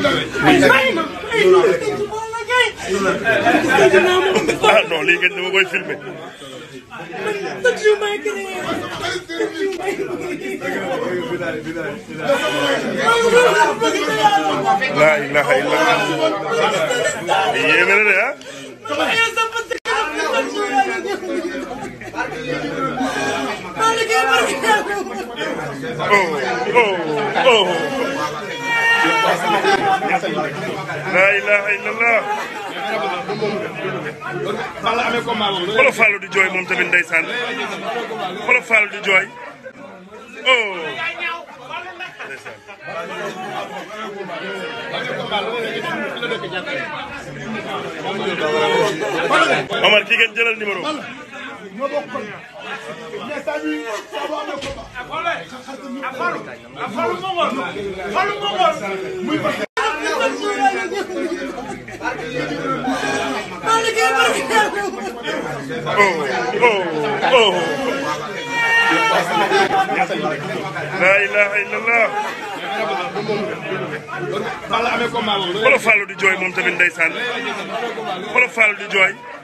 ah non lii ngeen dama koy filmé. laa ilaaha illallaah. yéeme na de ah. oh oh oh. laa ilaaha illallah. xoolal Fallou di jooy moom tamit ndeysaan xoolal Fallou di jooy oh. Omar kii ngeen jëlal numéro. xalu mongol xalu la ilaha illallah xolo Fallou di jooy moom tamit ndeysaan xolo di jooy